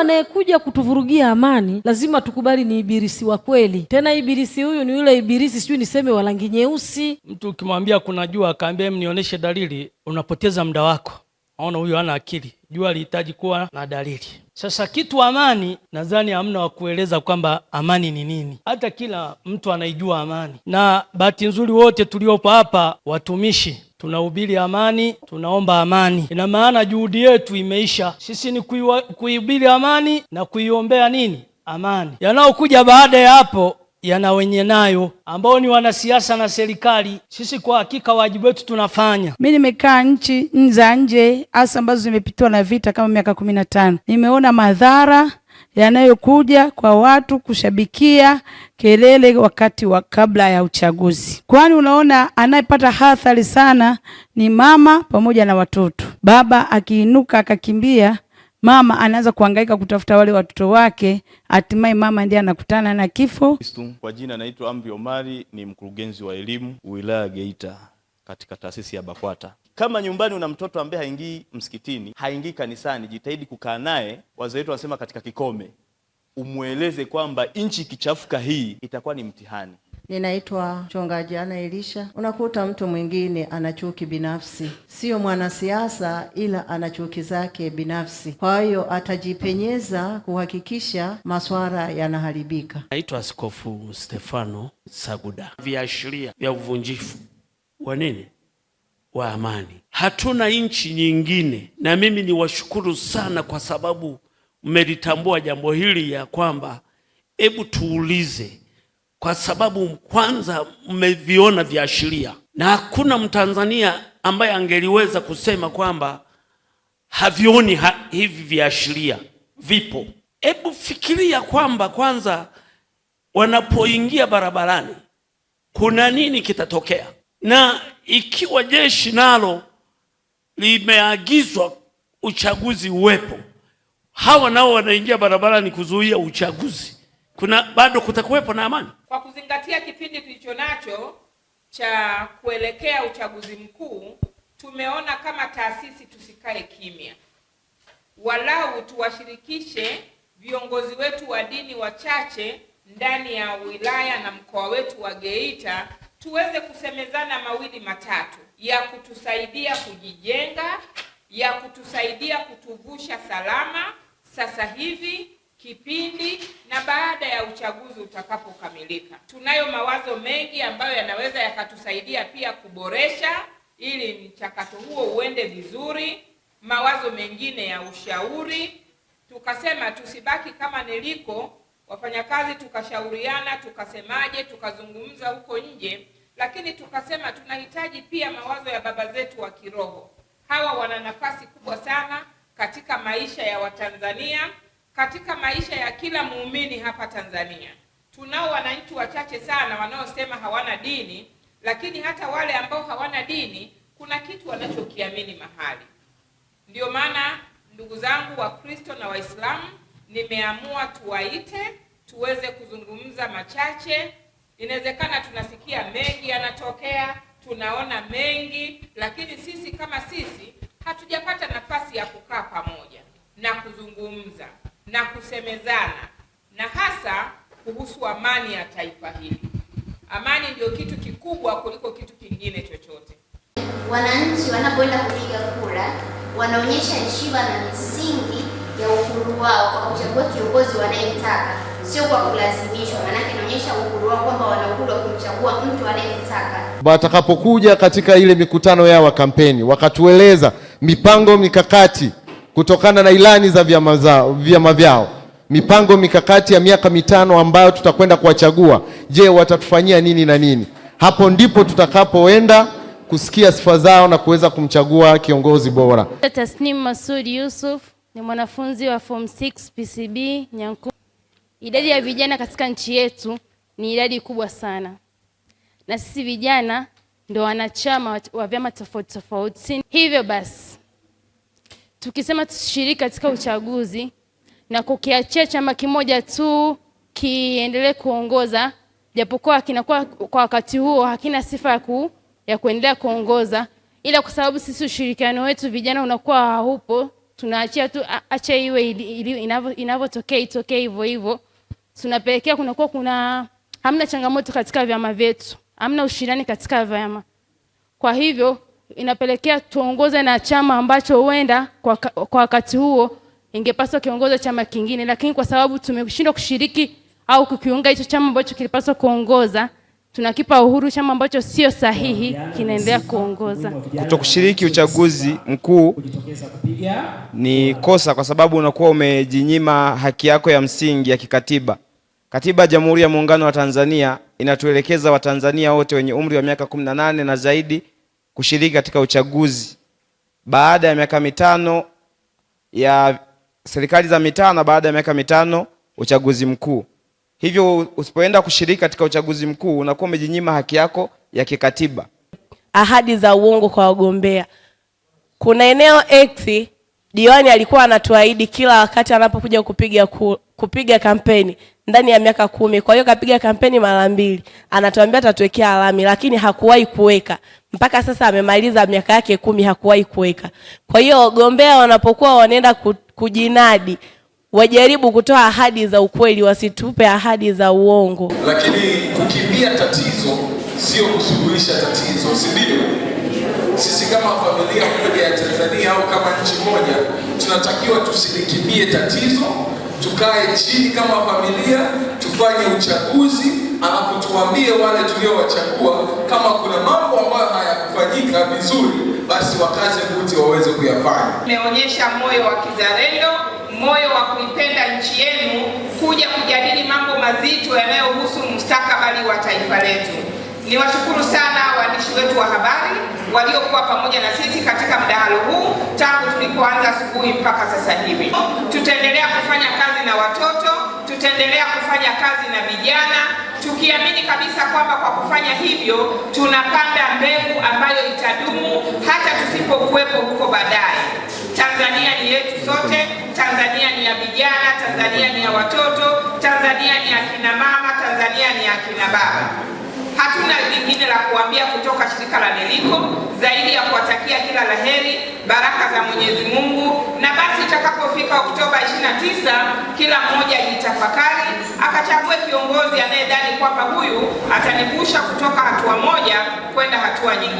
anayekuja kutuvurugia amani lazima tukubali ni ibilisi wa kweli. Tena ibilisi huyu ni yule ibilisi, sijui niseme wa rangi nyeusi. Mtu ukimwambia kuna jua akaambia mnionyeshe dalili, unapoteza muda wako aona huyu hana akili, jua lihitaji kuwa na dalili. Sasa kitu amani, nadhani hamna wakueleza kwamba amani ni nini, hata kila mtu anaijua amani. Na bahati nzuri wote tuliopo hapa watumishi tunahubiri amani, tunaomba amani. Ina maana juhudi yetu imeisha, sisi ni kuihubiri amani na kuiombea nini? Amani. Yanayokuja baada ya hapo yana wenye nayo ambao ni wanasiasa na serikali. Sisi kwa hakika wajibu wetu tunafanya. Mimi nimekaa nchi za nje, hasa ambazo zimepitiwa na vita kama miaka kumi na tano, nimeona madhara yanayokuja kwa watu kushabikia kelele wakati wa kabla ya uchaguzi, kwani unaona anayepata hathari sana ni mama pamoja na watoto. Baba akiinuka akakimbia mama anaanza kuhangaika kutafuta wale watoto wake, hatimaye mama ndiye anakutana na kifo. Kwa jina naitwa Amri Omari, ni mkurugenzi wa elimu wilaya Geita katika taasisi ya BAKWATA. Kama nyumbani una mtoto ambaye haingii msikitini, haingii kanisani, jitahidi kukaa naye, wazee wetu wanasema katika kikome, umweleze kwamba nchi ikichafuka hii itakuwa ni mtihani. Ninaitwa Mchungaji Ana Elisha. Unakuta mtu mwingine ana chuki binafsi, siyo mwanasiasa, ila ana chuki zake binafsi, kwa hiyo atajipenyeza kuhakikisha maswara yanaharibika. Naitwa Askofu Stefano Saguda. Viashiria vya uvunjifu wa nini wa amani hatuna nchi nyingine, na mimi niwashukuru sana kwa sababu mmelitambua jambo hili ya kwamba, hebu tuulize kwa sababu kwanza mmeviona viashiria, na hakuna Mtanzania ambaye angeliweza kusema kwamba havioni ha hivi viashiria vipo. Hebu fikiria kwamba kwanza wanapoingia barabarani kuna nini kitatokea, na ikiwa jeshi nalo limeagizwa uchaguzi uwepo, hawa nao wanaingia barabarani kuzuia uchaguzi kuna bado kutakuwepo na amani. Kwa kuzingatia kipindi tulicho nacho cha kuelekea uchaguzi mkuu, tumeona kama taasisi tusikae kimya, walau tuwashirikishe viongozi wetu wa dini wachache ndani ya wilaya na mkoa wetu wa Geita, tuweze kusemezana mawili matatu ya kutusaidia kujijenga, ya kutusaidia kutuvusha salama sasa hivi kipindi na baada ya uchaguzi utakapokamilika. Tunayo mawazo mengi ambayo yanaweza yakatusaidia pia kuboresha ili mchakato huo uende vizuri, mawazo mengine ya ushauri. Tukasema tusibaki kama niliko wafanyakazi, tukashauriana, tukasemaje, tukazungumza huko nje, lakini tukasema tunahitaji pia mawazo ya baba zetu wa kiroho. Hawa wana nafasi kubwa sana katika maisha ya Watanzania katika maisha ya kila muumini hapa Tanzania. Tunao wananchi wachache sana wanaosema hawana dini, lakini hata wale ambao hawana dini kuna kitu wanachokiamini mahali. Ndiyo maana ndugu zangu wa kristo na Waislamu, nimeamua tuwaite tuweze kuzungumza machache. Inawezekana tunasikia mengi yanatokea, tunaona mengi, lakini sisi kama sisi hatujapata nafasi ya kukaa pamoja na kuzungumza na kusemezana na hasa kuhusu amani ya taifa hili. Amani ndio kitu kikubwa kuliko kitu kingine chochote. Wananchi wanapoenda kupiga kura wanaonyesha heshima na misingi ya uhuru wao kwa kuchagua kiongozi wanayemtaka, sio kwa kulazimishwa. Maanake inaonyesha uhuru wao kwamba wana uhuru wa kumchagua mtu anayemtaka. Watakapokuja katika ile mikutano yao ya kampeni, wakatueleza mipango mikakati kutokana na ilani za vyama zao, vyama vyao, mipango mikakati ya miaka mitano ambayo tutakwenda kuwachagua. Je, watatufanyia nini na nini? Hapo ndipo tutakapoenda kusikia sifa zao na kuweza kumchagua kiongozi bora. Tasnim Masud Yusuf ni mwanafunzi wa form 6 PCB Nyanku. Idadi ya vijana katika nchi yetu ni idadi kubwa sana, na sisi vijana ndo wanachama wa vyama tofauti tofauti, hivyo basi tukisema tushiriki katika uchaguzi na kukiachia chama kimoja tu kiendelee kuongoza, japokuwa kinakuwa kwa wakati huo hakina sifa ku, ya kuendelea kuongoza, ila kwa sababu sisi ushirikiano wetu vijana unakuwa haupo, tunaachia tu, acha iwe inavyotokea itokee hivyo hivyo, tunapelekea kunakuwa kuna hamna changamoto katika vyama vyetu, hamna ushirani katika vyama, kwa hivyo inapelekea tuongoze na chama ambacho huenda kwa wakati huo ingepaswa kiongoza chama kingine, lakini kwa sababu tumeshindwa kushiriki au kukiunga hicho chama ambacho kilipaswa kuongoza, tunakipa uhuru chama ambacho sio sahihi kinaendelea kuongoza. Kutokushiriki uchaguzi mkuu ni kosa, kwa sababu unakuwa umejinyima haki yako ya msingi ya kikatiba. Katiba ya Jamhuri ya Muungano wa Tanzania inatuelekeza Watanzania wote wenye umri wa miaka 18 na zaidi kushiriki katika uchaguzi baada ya miaka mitano ya serikali za mitaa na baada ya miaka mitano uchaguzi mkuu. Hivyo usipoenda kushiriki katika uchaguzi mkuu unakuwa umejinyima haki yako ya kikatiba. Ahadi za uongo kwa wagombea. Kuna eneo X Diwani alikuwa anatuahidi kila wakati anapokuja kupiga ku, kupiga kampeni ndani ya miaka kumi. Kwa hiyo kapiga kampeni mara mbili, anatuambia atatuwekea alami, lakini hakuwahi kuweka mpaka sasa. Amemaliza miaka yake kumi, hakuwahi kuweka. Kwa hiyo wagombea wanapokuwa wanaenda kujinadi, wajaribu kutoa ahadi za ukweli, wasitupe ahadi za uongo. Lakini kukimbia tatizo sio kusuluhisha tatizo, si ndio? sisi kama familia moja ya Tanzania au kama nchi moja, tunatakiwa tusilikimie tatizo, tukae chini kama familia, tufanye uchaguzi, alafu tuambie wale tuliowachagua kama kuna mambo ambayo hayakufanyika vizuri, basi wakaze buti waweze kuyafanya. Imeonyesha moyo wa kizalendo, moyo wa kuipenda nchi yenu, kuja kujadili mambo mazito yanayohusu mustakabali wa taifa letu. Niwashukuru sana waandishi wetu wa habari waliokuwa pamoja na sisi katika mdahalo huu tangu tulipoanza asubuhi mpaka sasa hivi. Tutaendelea kufanya kazi na watoto, tutaendelea kufanya kazi na vijana, tukiamini kabisa kwamba kwa kufanya hivyo tunapanda mbegu ambayo itadumu hata tusipokuwepo huko baadaye. Tanzania ni yetu sote, Tanzania ni ya vijana, Tanzania ni ya watoto, Tanzania ni ya kina mama, Tanzania ni ya kina baba. Hatuna lingine la kuambia kutoka shirika la NELICO zaidi ya kuwatakia kila laheri, baraka za Mwenyezi Mungu, na basi itakapofika Oktoba 29 kila mmoja ajitafakari akachague kiongozi anayedhani kwamba huyu atanivusha kutoka hatua moja kwenda hatua nyingine.